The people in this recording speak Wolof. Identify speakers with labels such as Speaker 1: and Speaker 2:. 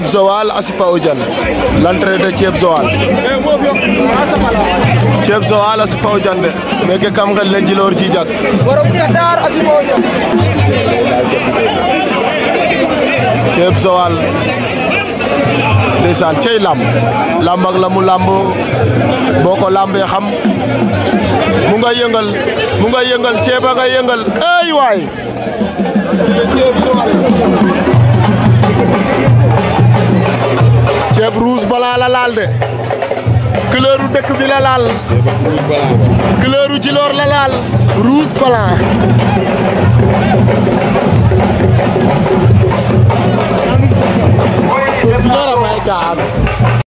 Speaker 1: Thieb Joal Assipa Odiane l'entrée de Thieb Joal Thieb Joal Assipa Odiane meke kam ngel ne Djilor Djidiack
Speaker 2: Thieb Joal
Speaker 3: ndeysaan cey làmb làmb la mu làmb boo ko làmbee xam mu nga yëngal mu nga yëngal Thieb a nga yëngal waay
Speaker 4: laal dëkk bi la laal couleuru Djilor la laal
Speaker 5: rouge